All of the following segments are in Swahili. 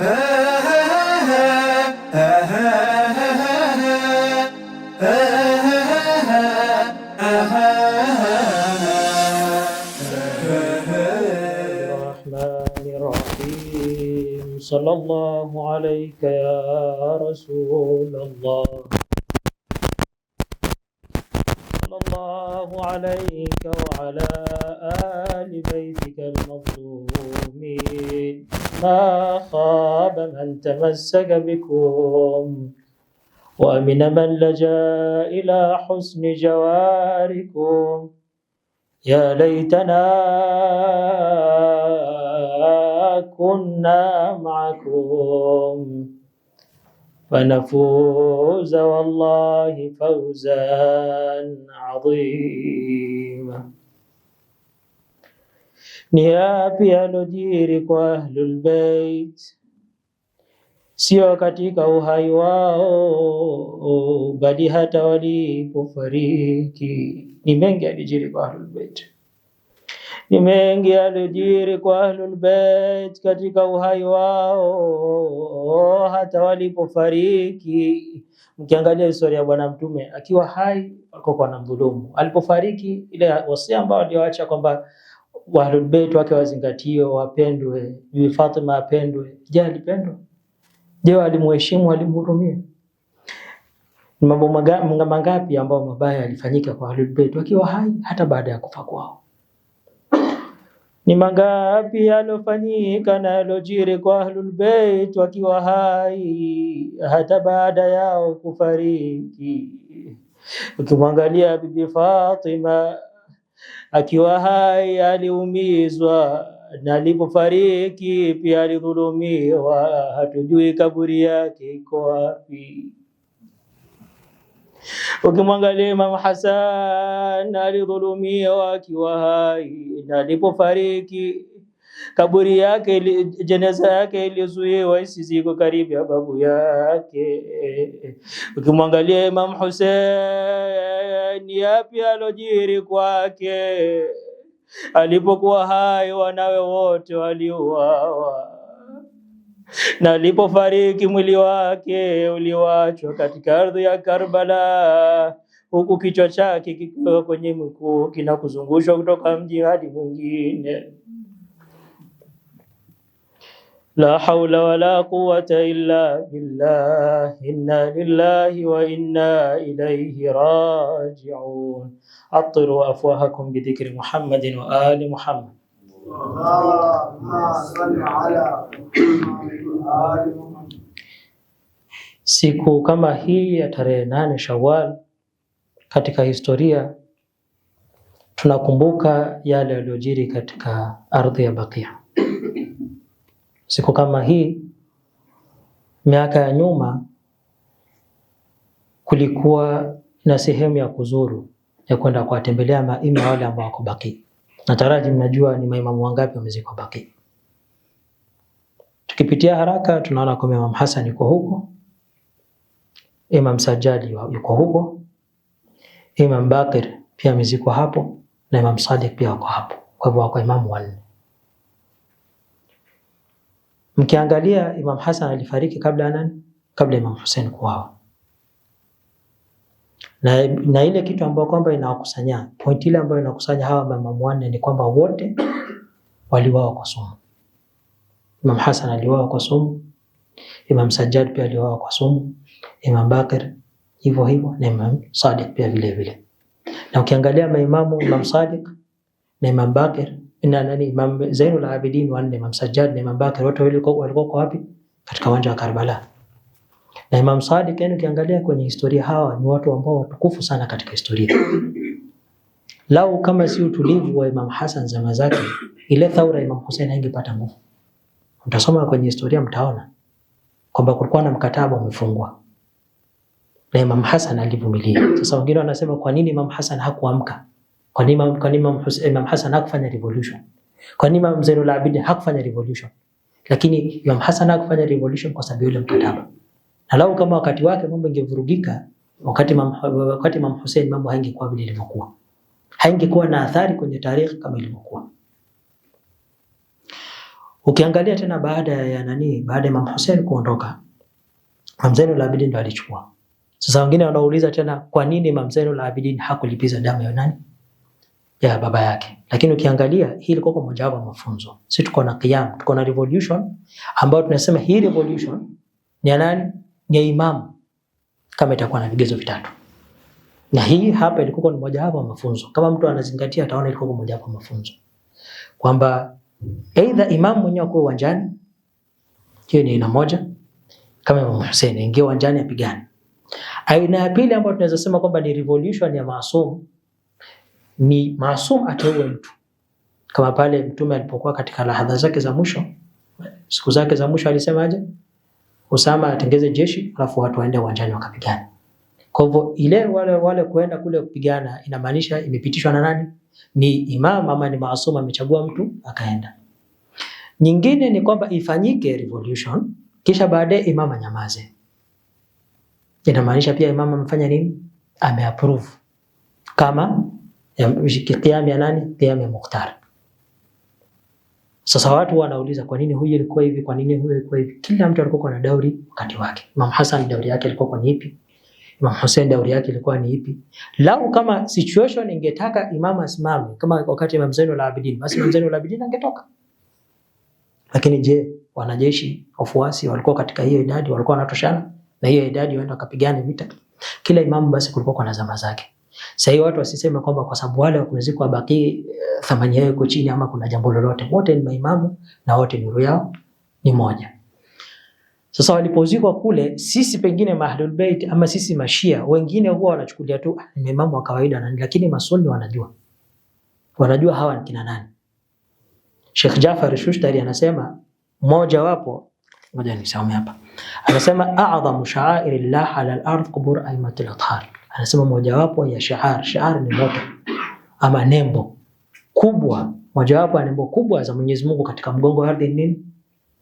صلى الله عليك يا رسول الله صلى الله عليك وعلى آل بيتك المظلومين تمسك بكم ومن من لجا إلى حسن جواركم يا ليتنا كنا معكم فنفوز والله فوزا عظيما نيابي نديرك وأهل البيت sio katika uhai wao, bali hata walipofariki. Ni mengi alijiri kwa Ahlul Bait, ni mengi alijiri kwa Ahlul Bait katika uhai wao, hata walipofariki. Mkiangalia historia ya Bwana Mtume akiwa hai alikuwa na mdhulumu, alipofariki ile wasia ambao aliyoacha kwamba Ahlul Bait wake wazingatiwe, wapendwe, Bibi Fatima apendwe. Je, alipendwa? Je, alimuheshimu alimhurumia Ni mambo mangapi ambayo mabaya yalifanyika kwa Ahlul Bait wakiwa hai hata baada ya kufa kwao? Ni mangapi yalofanyika na yalojiri kwa Ahlul Bait wakiwa hai hata baada yao kufariki? Ukimwangalia Bibi Fatima akiwa hai aliumizwa nalipofariki pia alidhulumiwa, hatujui kaburi yake iko wapi. Ukimwangalia Imamu Hasan alidhulumiwa akiwa hai, nalipofariki kaburi yake, jeneza yake ilizuiwa isiziko karibu ya babu yake. Ukimwangalia Imamu ni yapi alojiri kwake Alipokuwa hai wanawe wote waliuawa, na alipofariki mwili wake uliwachwa katika ardhi ya Karbala, huku kichwa chake kikiwa kwenye mkuu kinakuzungushwa kutoka mji hadi mwingine. لا حول ولا قوة إلا بالله إنا لله وإنا إليه راجعون أطروا أفواهكم بذكر محمد وآل محمد Siku kama hii ya tarehe nane Shawal katika historia tunakumbuka yale yaliyojiri katika ardhi ya Bakia. Siku kama hii miaka ya nyuma kulikuwa na sehemu ya kuzuru ya kwenda kuwatembelea maima wale ambao wako na Nataraji mnajua ni maimamu wangapi wamezikwa Baki. Tukipitia haraka tunaona kwamba Imam Hassan yuko huko, Imam Sajjad yuko huko, Imam Bakir pia amezikwa hapo na Imam Sadiq pia wako hapo. Kwa hivyo wako imamu wanne. Mkiangalia Imam Hassan alifariki kabla nani? Kabla Imam Hussein kuwawa. Na, na ile kitu ambayo kwamba inawakusanya point ile ambayo inakusanya hawa maimamu wanne ni kwamba wote waliwawa kwa sumu. Imam Hassan aliwawa kwa sumu, Imam Sajjad pia aliwawa kwa sumu, Imam Bakir hivyo hivyo na Imam Sadiq pia vile vile. Na ukiangalia maimamu Imam Sadiq na Imam Bakir na nani Imam Zainul Abidin wanne, Imam Sajjad na Imam Bakar wote walikuwa kwa wapi? Katika uwanja wa Karbala. Na Imam Sadiq, yani ukiangalia kwenye historia, hawa ni watu ambao watukufu sana katika historia. Lau kama si utulivu wa Imam Hassan zama zake, ile thaura Imam Hussein haingepata nguvu. Mtasoma kwenye historia mtaona kwamba kulikuwa na mkataba umefungwa na Imam Hassan alivumilia. Sasa wengine wanasema kwa nini Imam Hassan hakuamka? Kwa nini kwa nini Imam, Hussein, Imam Hassan hakufanya revolution? Kwa nini Imam Zainul Abidin hakufanya revolution? Lakini Imam Hassan hakufanya revolution kwa sababu ile mkataba. Na lau kama wakati wake mambo ingevurugika, wakati Imam, wakati Imam Hussein mambo haingekuwa vile ilivyokuwa. Haingekuwa na athari kwenye tarehe kama ilivyokuwa. Ukiangalia tena baada ya nani, baada ya Imam Hussein kuondoka, Imam Zainul Abidin ndo alichukua. Sasa wengine wanauliza tena kwa nini Imam Zainul Abidin hakulipiza damu ya nani? ya baba yake. Lakini ukiangalia hii ilikuwa kwa mojawapo ya mafunzo. Sisi tuko na qiyam, tuko na revolution ambayo tunasema hii revolution ni nani? Ni imam kama itakuwa na vigezo vitatu. Na hii hapa ilikuwa ni mojawapo ya mafunzo. Kama mtu anazingatia ataona ilikuwa kwa mojawapo ya mafunzo. Kwamba aidha imam mwenyewe kwa uwanjani hiyo ni aina moja kama Imam Hussein ingia uwanjani apigane. Aina ya pili ambayo tunaweza sema kwamba ni revolution ya maasumu ni masum ateue mtu, kama pale mtume alipokuwa katika lahadha zake za mwisho, siku zake za mwisho alisemaje? Usama atengeze jeshi alafu watu waende uwanjani wakapigana. Kwa hivyo ile wale wale kuenda kule kupigana inamaanisha imepitishwa na nani? Ni imam ama ni masum amechagua mtu akaenda. Nyingine ni kwamba ifanyike revolution kisha baadaye imam anyamaze. Inamaanisha pia imam amefanya nini? Ameapprove kama kiyam ya nani? Kiyam ya Mukhtar. Sasa watu wanauliza kwa nini huyu alikuwa hivi, kwa nini huyu alikuwa hivi? Kila mtu alikuwa na dauri wakati wake. Imam Hassan dauri yake ilikuwa kwa nipi? Imam Hussein dauri yake ilikuwa ni ipi? Lau kama situation ingetaka Imam asimame kama wakati Imam Zainul Abidin, basi Imam Zainul Abidin angetoka. Lakini je, wanajeshi wafuasi walikuwa katika hiyo idadi, walikuwa wanatoshana na hiyo idadi waenda wakapigana vita? Kila imamu basi kulikuwa na zama zake. Sasa hiyo watu wasiseme kwamba kwa sababu wale wamezikwa baki eh, thamani yao iko chini ama kuna jambo lolote. Wote ni maimamu na wote nuru yao ni moja. Sasa walipozikwa kule, sisi pengine Ahlul Bait ama sisi Mashia wengine huwa wanachukulia tu ah, ni maimamu wa kawaida na lakini masuni wanajua. Wanajua hawa ni kina nani. Sheikh Jafar Shushtari anasema mmoja wapo ngoja nisome hapa. Anasema a'dhamu sha'airillah ala al ardh qubur aimatul athar anasema mojawapo ya shahar. Shahar ni moto ama nembo kubwa, mojawapo ya nembo kubwa za Mwenyezi Mungu katika mgongo wa ardhi nini?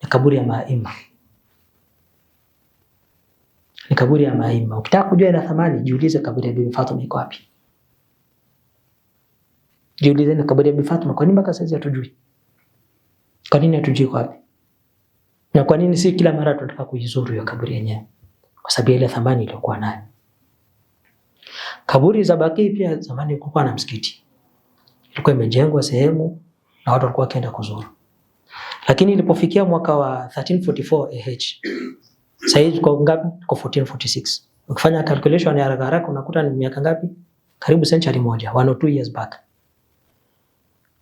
Ni kaburi ya maima, ni kaburi ya maima. Ukitaka kujua ina thamani, jiulize kaburi ya Bibi Fatuma iko wapi? Jiulize ni kaburi ya Bibi Fatuma, kwa nini mpaka sasa hatujui? Kwa nini hatujui kwa wapi? Na kwa nini si kila mara tunataka kuizuru hiyo kaburi yenyewe? Kwa sababu ile thamani iliyokuwa nayo. Kaburi za Baqi pia zamani kulikuwa na msikiti. Ilikuwa imejengwa sehemu na watu walikuwa wakienda kuzuru. Lakini ilipofikia mwaka wa 1344 AH, sasa hivi kwa ngapi? Kwa 1446. Ukifanya calculation ya haraka haraka unakuta ni miaka ngapi? Karibu century moja, 102 years back.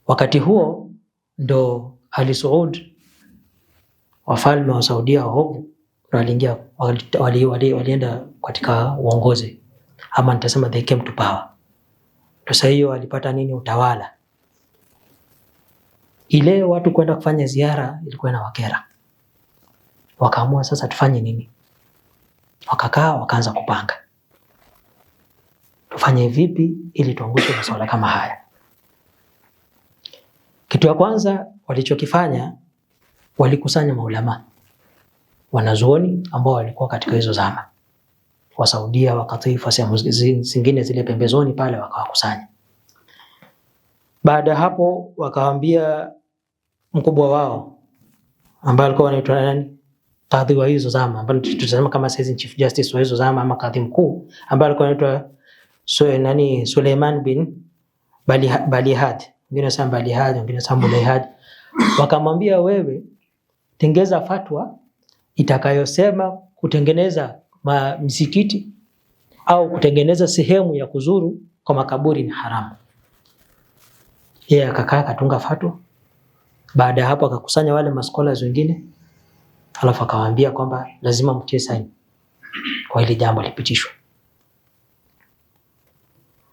Wakati huo ndo Ali Saud wafalme wa Saudia waovu waliingia walienda wali, wali, wali katika uongozi ama nitasema they came to power. Sasa hiyo alipata nini? Utawala. Ile watu kwenda kufanya ziara ilikuwa na wakera, wakaamua sasa tufanye nini? Wakakaa wakaanza kupanga, tufanye vipi ili tuangushe masuala kama haya. Kitu ya kwanza walichokifanya walikusanya maulama, wanazuoni ambao walikuwa katika hizo zama Wasaudia, wakatifa sehemu zingine zile pembezoni pale, wakawakusanya. Baada ya hapo, wakawaambia mkubwa wao ambaye alikuwa anaitwa nani, kadhi wa hizo zama, ambaye tutasema kama sasa chief justice wa hizo zama, ama kadhi mkuu ambaye alikuwa anaitwa so, nani Suleiman bin Balihad, wengine wanasema Balihad, wengine wanasema Bulehad, wakamwambia wewe, tengeza fatwa itakayosema kutengeneza ma misikiti au kutengeneza sehemu ya kuzuru kwa makaburi ni haramu. Yeye akakaa akatunga fatwa. Baada ya hapo akakusanya wale maskola wengine, alafu akawaambia kwamba lazima mtie saini kwa ile jambo lipitishwe.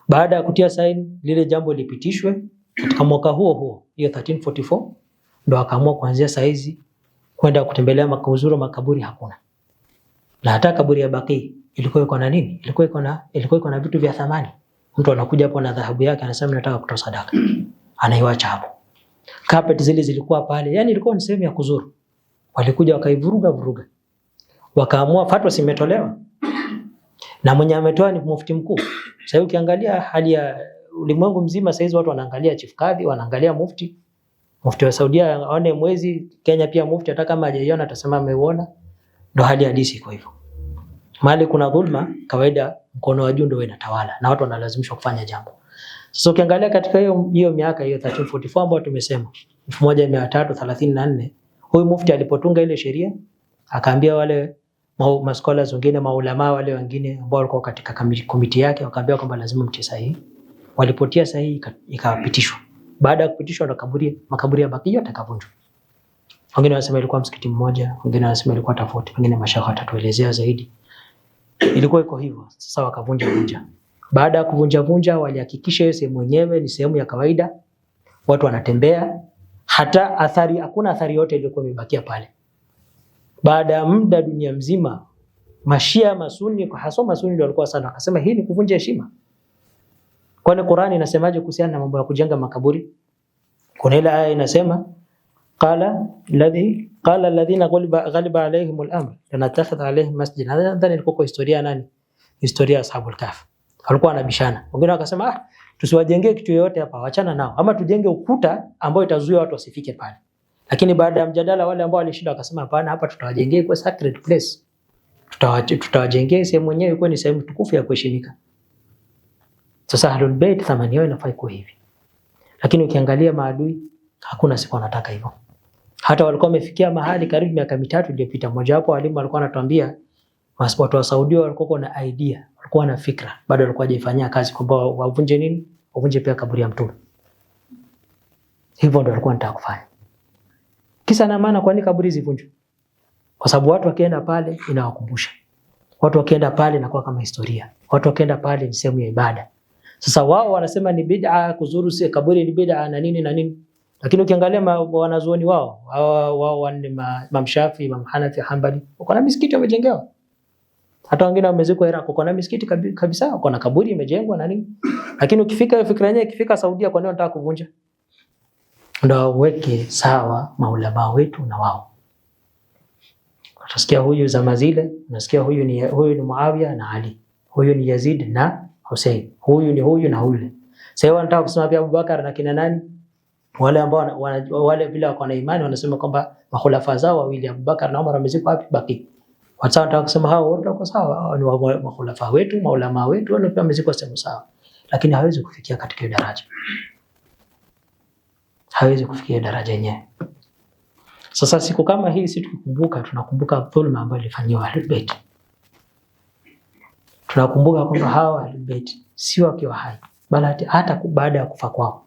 Baada ya kutia saini lile jambo lipitishwe katika mwaka huo huo, hiyo 1344 ndo akaamua kuanzia saizi kwenda kutembelea makuzuru makaburi hakuna. Na hata kaburi ya Baqi ilikuwa iko na nini? Ilikuwa iko na ilikuwa iko na vitu vya thamani. Mtu anakuja hapo na dhahabu yake anasema nataka kutoa sadaka. Anaiwacha hapo. Carpet zile zilikuwa pale. yani ilikuwa ni sehemu ya kuzuru. Walikuja wakaivuruga vuruga. Wakaamua fatwa simetolewa. Na mwenye ametoa ni mufti mkuu. Sasa ukiangalia hali ya ulimwengu mzima sasa hizi watu wanaangalia chief kadhi, wanaangalia mufti. Mufti wa Saudia aone mwezi, Kenya pia mufti hata kama hajaiona atasema ameiona. Ndo hali halisi iko hivyo. Mahali kuna dhulma, kawaida mkono wa juu ndio unatawala na watu wanalazimishwa kufanya jambo. Sasa ukiangalia katika hiyo hiyo miaka hiyo 1344 ambayo tumesema 1334 huyu mufti alipotunga ile sheria akaambia wale maskola wengine maulama wale wengine ambao walikuwa katika komiti yake wakaambia kwamba lazima mtie sahihi. Walipotia sahihi ikapitishwa. Baada ya kupitishwa kaburi makaburi ya Bakia yakavunjwa. Wengine wanasema ilikuwa msikiti mmoja, wengine wanasema ilikuwa tofauti, wengine mashaka watatuelezea zaidi. Ilikuwa iko hivyo. Sasa wakavunja vunja. Baada ya kuvunja vunja, walihakikisha hiyo sehemu yenyewe ni sehemu ya kawaida, watu wanatembea, hata athari, hakuna athari yote iliyokuwa imebakia pale. Baada ya muda, dunia mzima Mashia Masuni, kwa hasa Masuni ndio walikuwa sana, akasema hii ni kuvunja heshima. Kwani Qur'ani inasemaje kuhusiana na mambo ya kujenga makaburi? Kuna ile aya inasema Qala alladhi qala alladhina ghaliba alayhim al-amr lanattakhidha alaihim masjid. Nadhani ilikuwa kwa historia nani? Historia ya Ashabul Kahf. Walikuwa wanabishana. Wengine wakasema ah, tusiwajengee kitu yoyote hapa, wachana nao, ama tujenge ukuta ambao itazuia watu wasifike pale. Lakini baada ya mjadala, wale ambao walishinda wakasema hapana, hapa tutawajengee kwa sacred place, tutawajengea sehemu yenyewe ikuwa ni sehemu tukufu ya kuheshimika. Sasa Ahlul Bait thamani yao inafaa iko hivi, lakini ukiangalia maadui hakuna siku wanataka hivyo. Hata walikuwa wamefikia mahali karibu miaka mitatu iliyopita, mmoja wapo walimu alikuwa anatuambia watu wa Saudi walikuwa na idea, walikuwa na fikra, bado walikuwa hajaifanyia kazi kwamba wavunje nini? Wavunje pia kaburi ya Mtume. Hivyo ndio walikuwa wanataka kufanya. Kisa na maana, kwani kaburi zivunjwe? Kwa sababu watu wakienda pale inawakumbusha. Watu wakienda pale inakuwa kama historia. Watu wakienda pale ni sehemu ya ibada. Sasa wao wanasema ni bid'a kuzuru si kaburi, ni bid'a na nini na nini. Lakini ukiangalia wanazuoni wao hawa wao wanne, Imam Shafi, Imam Hanafi, Hambali wako na misikiti wamejengewa. Hata wengine wamezikwa Iraq, wako na misikiti kabisa, wako na kaburi imejengwa na nini. Lakini ukifika hiyo fikra yenyewe ikifika Saudia, kwa nini wanataka kuvunja? Ndio waweke sawa maulama wetu na wao. Utasikia huyu zama zile, unasikia huyu ni huyu ni Muawiya na Ali, huyu ni Yazid na Hussein, huyu ni huyu na yule. Sasa wanataka kusema pia Abubakar na kina nani wale ambao wale vile wako na imani wanasema kwamba makhulafa zao wawili Abubakar na Umar wamezikwa wapi? Baki. Watu wanataka kusema hao wote wako sawa, hao ni makhulafa wetu, maulama wetu, wale pia wamezikwa sehemu sawa, lakini hawezi kufikia katika daraja, hawezi kufikia daraja yenyewe. Sasa siku kama hii sisi tukikumbuka, tunakumbuka dhulma ambayo ilifanywa Ahlul Bait, tunakumbuka kwamba hawa Ahlul Bait si wakiwa hai, bali hata baada ya kufa kwao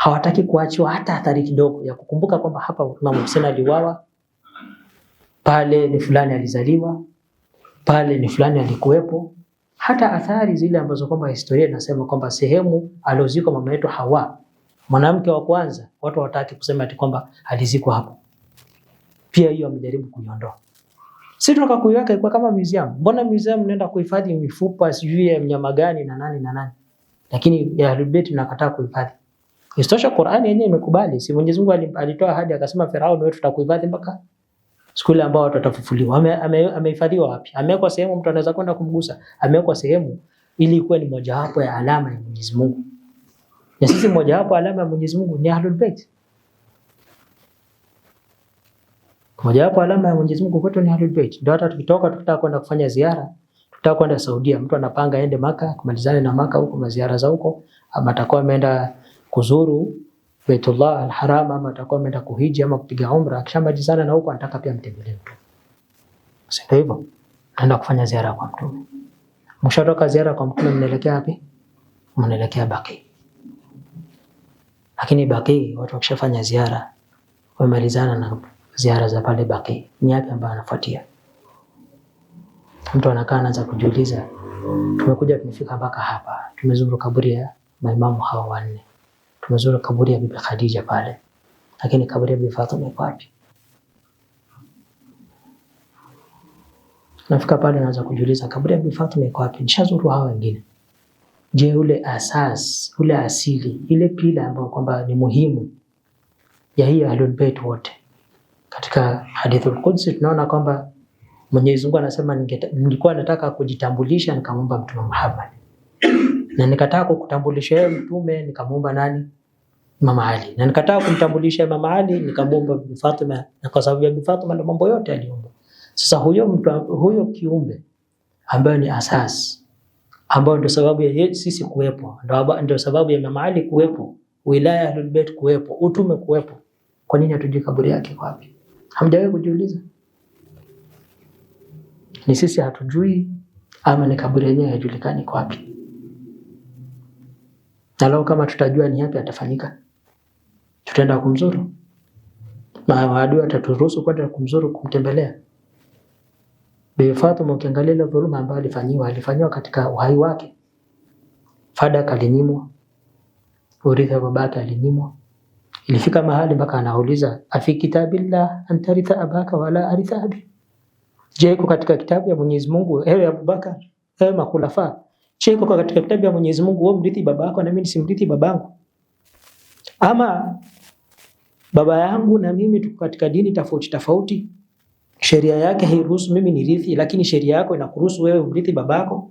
hawataki kuachiwa hata athari kidogo ya kukumbuka kwamba hapa Imam Hussein aliuawa, pale ni fulani alizaliwa, pale ni fulani alikuwepo. Hata athari zile ambazo kwamba historia inasema kwamba sehemu aliozikwa mama yetu Hawa, mwanamke wa kwanza, watu hawataki kusema ati kwamba alizikwa hapo. Pia hiyo amejaribu kuiondoa. Sisi tunataka kuiweka ikuwa kama museum. Mbona museum mnaenda kuhifadhi mifupa sijui ya mnyama gani na nani na nani? Lakini ya Ahlul Bayt kuhifadhi. Isitosha Qur'ani yenyewe imekubali. Si Mwenyezi Mungu alitoa ahadi akasema Firauni ndio tutakuhifadhi mpaka siku ile ambayo watu watafufuliwa. Amehifadhiwa ame, ame wapi? Amewekwa sehemu mtu anaweza kwenda kumgusa. Amewekwa sehemu ili ikuwe ni mojawapo ya alama ya Mwenyezi Mungu. Na sisi mojawapo alama ya Mwenyezi Mungu ni Ahlul Bait. Mojawapo alama ya Mwenyezi Mungu kwetu ni Ahlul Bait. Ndio hata tukitoka tukitaka kwenda kufanya ziara, tukitaka kwenda Saudia, mtu anapanga aende Maka, kumalizane na Maka huko maziara za huko, ama atakuwa ameenda kuzuru Baitullah al-Haram ama atakuwa ameenda kuhiji ama kupiga umra, akishamalizana na huko anataka pia mtembelee mtume. Sasa ndio hivyo, anaenda kufanya ziara kwa mtume. Mshatoka ziara kwa mtume, mnaelekea wapi? Mnaelekea Baqi. Lakini Baqi watu wakishafanya ziara, wamalizana na ziara za pale Baqi, ni yapi ambayo anafuatia? Mtu anakaa anaanza kujiuliza, tumekuja tumefika mpaka hapa, tumezuru kaburi ya maimamu hao wanne tumezuru kaburi ya Bibi Khadija pale, lakini kaburi ya Bibi Fatima iko wapi? Nafika pale naanza kujiuliza kaburi ya Bibi Fatima iko wapi? Nishazuru hao wengine. Je, ule asas, ule asili, ile pila ambayo kwamba ni muhimu ya hii Ahlul Bait wote. Katika Hadithul Qudsi tunaona kwamba Mwenyezi Mungu anasema nilikuwa nataka kujitambulisha nikamwomba Mtume Muhammad. Na nikataka kukutambulisha yeye mtume nikamwomba nani? Mama Ali. Na nikataa kumtambulisha Mama Ali, nikamwomba Bibi Fatima na kwa sababu ya Bibi Fatima ndo mambo yote aliomba. Sasa huyo mtu huyo kiumbe ambaye ni asasi ambayo ndio sababu ya sisi kuwepo, ndio sababu ya Mama Ali kuwepo, wilaya ya Ahlulbayt kuwepo, utume kuwepo. Kwa nini hatujui kaburi yake kwa wapi? Hamjawahi kujiuliza? Ni sisi hatujui ama ni kaburi yenyewe haijulikani kwa wapi? Na lao kama tutajua ni yapi atafanyika tutaenda kumzuru? Maadui ataturuhusu kwenda kumzuru, kumtembelea Bi Fatuma? Ukiangalia ile dhuluma ambayo alifanyiwa, alifanyiwa katika uhai wake. Fadak alinyimwa, urithi wa babake alinyimwa. Ilifika mahali mpaka anauliza afi kitabillah antaritha abaka wala aritha abi, je, iko katika kitabu ya Mwenyezi Mungu, ewe Abubakar, ewe makhulafa, je, iko katika kitabu ya Mwenyezi Mungu wewe mrithi babako na mimi nisimrithi babangu? Ama baba yangu na mimi tuko katika dini tofauti tofauti, sheria yake hairuhusu mimi nirithi, lakini sheria yako inakuruhusu wewe umrithi babako.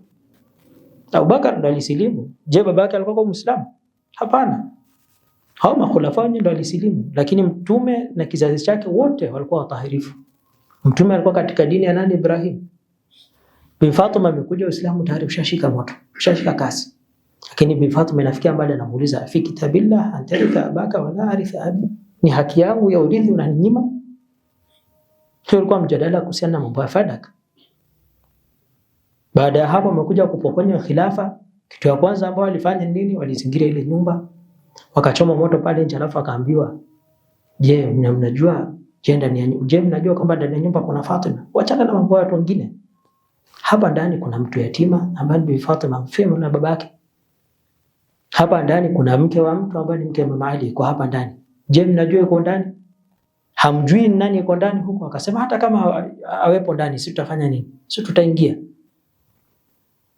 Abubakar ndo alisilimu. Je, babake alikuwa kwa Muislamu? Hapana. Hao makhulafa ndo alisilimu, lakini mtume na kizazi chake wote walikuwa watahirifu. Mtume alikuwa katika dini ya nani? Ibrahim. Bi Fatuma amekuja Uislamu tayari ushashika moto, ushashika kasi. Lakini Bi Fatuma inafikia mbali anamuuliza, afikitabillah antarika abaka wala arifa abi ni haki yangu ya urithi unaninyima? Hiyo ilikuwa mjadala kuhusiana na mambo ya Fadak. Baada ya hapo, wamekuja kupokonya khilafa. Kitu ya kwanza ambao walifanya nini? Walizingira ile nyumba wakachoma moto pale nje, alafu akaambiwa, je, mnajua je, ndani ya je, mnajua kwamba ndani ya nyumba kuna Fatima? Wachana na mambo ya watu wengine, hapa ndani kuna mtu yatima ambaye ni Fatima mfemo na babake. Hapa ndani kuna mke wa mtu ambaye ni mke wa mama Ali, kwa hapa ndani Je, mnajua yuko ndani? Hamjui nani yuko ndani huko? Akasema hata kama awepo ndani, si tutafanya nini? Si tutaingia.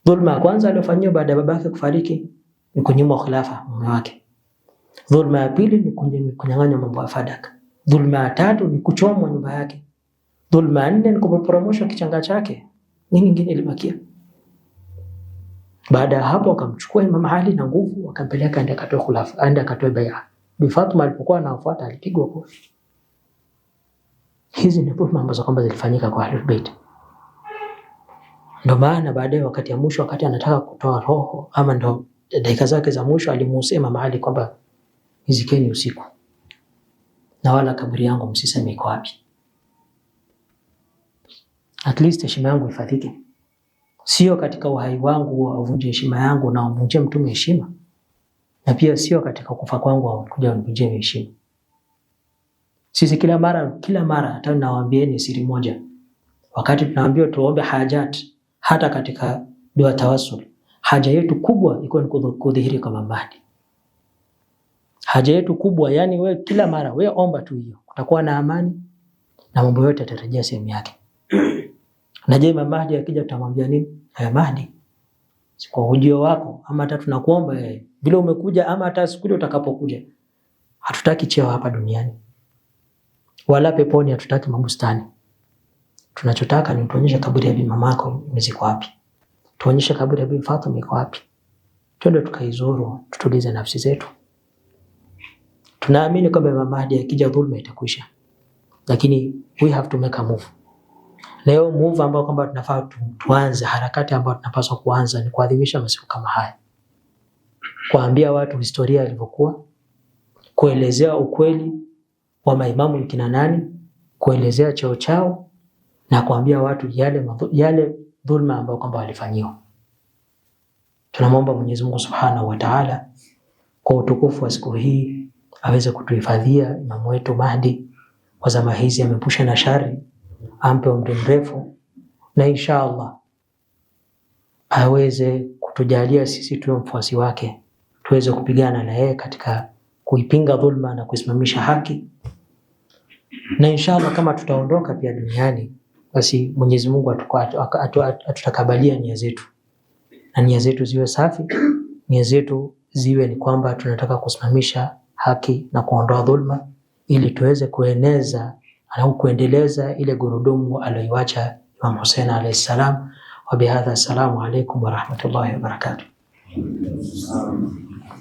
Dhulma ya kwanza aliyofanyiwa baada ya babake kufariki ni kunyimwa khilafa mume wake. Dhulma ya pili ni kunyang'anywa mambo ya fadaka. Dhulma ya tatu ni kuchomwa nyumba yake. Dhulma ya nne ni kuporomoshwa kichanga chake. Nini nyingine ilibakia? Baada ya hapo akamchukua Imam Ali na nguvu akampeleka aende akatoe khilafa, aende akatoe bai'a. Bi Fatuma alipokuwa anafuata alipigwa kofi. Hizi ni dhulma ambazo kwamba zilifanyika kwa Ahlul Bait. Ndio maana baadaye wakati ya mwisho wakati anataka kutoa roho ama ndo dakika zake za mwisho alimusema mahali kwamba nizikeni usiku na wala kaburi yangu msiseme iko wapi. At least heshima yangu ifadhike, sio katika uhai wangu avunje heshima yangu na umunje mtume heshima na pia sio katika kufa kwangu kuja wanivunjie heshima. Sisi kila mara kila mara, hata ni siri moja, wakati tunaambiwa tuombe hajat, hata katika dua tawassul, haja yetu kubwa iko ni kudhihiri kwa Mambadi. Haja yetu kubwa yani, we kila mara we omba tu hiyo, kutakuwa na amani na mambo yote yatarejea sehemu yake. Na je, Imam Mahdi akija tutamwambia nini? Haya Mahdi, kwa ujio wako ama hata tunakuomba yeye vile umekuja ama hata siku ile utakapokuja. Hatutaki cheo hapa duniani wala peponi, hatutaki mabustani. Tunachotaka ni tuonyeshe kaburi ya bibi mamako imezikwa wapi, tuonyeshe kaburi ya bibi Fatima iko wapi, twende tukaizuru, tutulize nafsi zetu. Tunaamini kwamba Imam Mahdi akija dhulma itakwisha, lakini we have to make a move. Leo move ambao kwamba tunafaa tuanze harakati ambayo tunapaswa kuanza ni kuadhimisha masiku kama haya kuambia watu historia ilivyokuwa, kuelezea ukweli wa maimamu ni kina nani, kuelezea cheo chao na kuambia watu yale, yale dhulma ambayo kwamba walifanyiwa. Tunamwomba Mwenyezi Mungu Subhanahu wa Ta'ala kwa utukufu wa siku hii aweze kutuhifadhia imamu wetu Mahdi kwa zama hizi, amepusha na shari, ampe umri mrefu, na insha Allah aweze kutujalia sisi tuwe mfuasi wake tuweze kupigana na yeye katika kuipinga dhulma na kuisimamisha haki, na inshallah kama tutaondoka pia duniani, basi Mwenyezi Mungu atutakabalia nia zetu, na nia zetu ziwe safi, nia zetu ziwe ni kwamba tunataka kusimamisha haki na kuondoa dhulma, ili tuweze kueneza au kuendeleza ile gurudumu aliyoiacha Imam Hussein alayhi salam. Wa bihadha, assalamu alaykum wa rahmatullahi wa barakatuh.